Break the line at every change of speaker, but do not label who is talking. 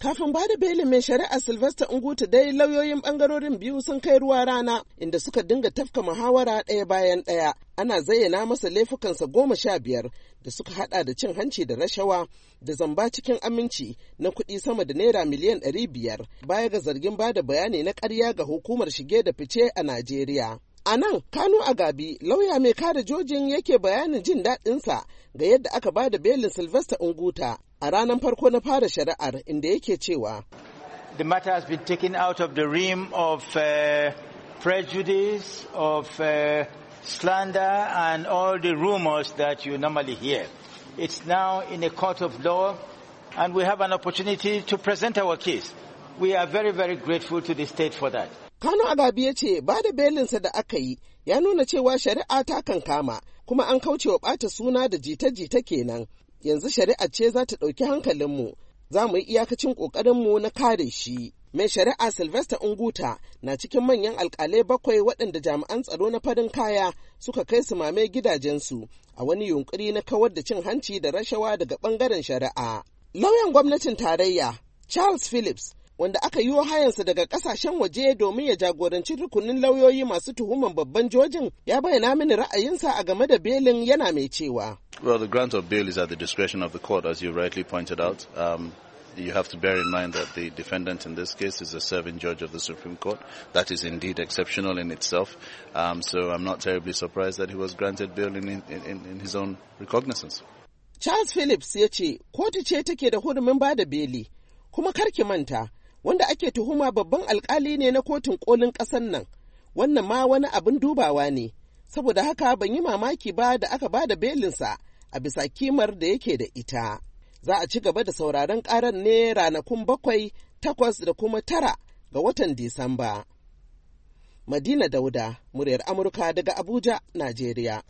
Kafin ba da belin mai shari'a Sylvester Unguta dai lauyoyin bangarorin biyu sun kai ruwa rana inda suka dinga tafka muhawara ɗaya bayan ɗaya. Ana zayyana masa laifukansa goma sha biyar da suka hada da cin hanci da rashawa da zamba cikin aminci na kuɗi sama da naira miliyan ɗari biyar baya ga zargin bada bayani na ƙarya ga hukumar shige da fice a Najeriya. A nan Kano Agabi lauya mai kare jojin yake bayanin jin daɗinsa ga yadda aka ba da belin Sylvester Unguta a ranar farko na
fara shari'ar inda yake cewa The matter has been taken out of the realm of uh, prejudice, of uh, slander, and all the rumors that you normally hear. It's now in a court of law, and we have an opportunity to present our case. We are very, very grateful to the state for that.
Kano Agabi ya ce ba da belinsa da aka yi ya nuna cewa shari'a ta kankama kuma an kaucewa ɓata suna da jita-jita kenan yanzu shari'a ce za ta ɗauki hankalinmu za mu yi iyakacin ƙoƙarinmu na kare shi. Mai shari'a Sylvester Unguta na cikin manyan alkalai bakwai waɗanda jami'an tsaro na farin kaya suka kai su mame gidajensu a wani yunkuri na kawar da cin hanci da rashawa daga ɓangaren shari'a. Lauyan gwamnatin tarayya Charles Phillips wanda aka yi hayansa daga ƙasashen waje domin ya jagoranci rukunin lauyoyi masu tuhuman babban jojin ya bayyana mini ra'ayinsa a game da belin yana mai cewa.
well, the grant of bail is at the discretion of the court, as you rightly pointed out. Um, you have to bear in mind that the defendant in this case is a serving judge of the Supreme Court. That is indeed exceptional in itself. Um, so I'm not terribly surprised that he was granted bail in, in, in, in his own recognizance.
Charles Phillips ya ce, kotu ce take da hurumin ba da beli, kuma karki manta, wanda ake tuhuma babban alkali ne na kotun kolin ƙasar nan, wannan ma wani abin dubawa ne, saboda haka ban yi mamaki ba da aka ba da belinsa. a bisa kimar da yake da ita. Za a ci gaba da sauraron ƙarar ne ranakun bakwai, takwas da kuma tara ga watan Disamba. Madina Dauda, muryar Amurka daga Abuja, Najeriya.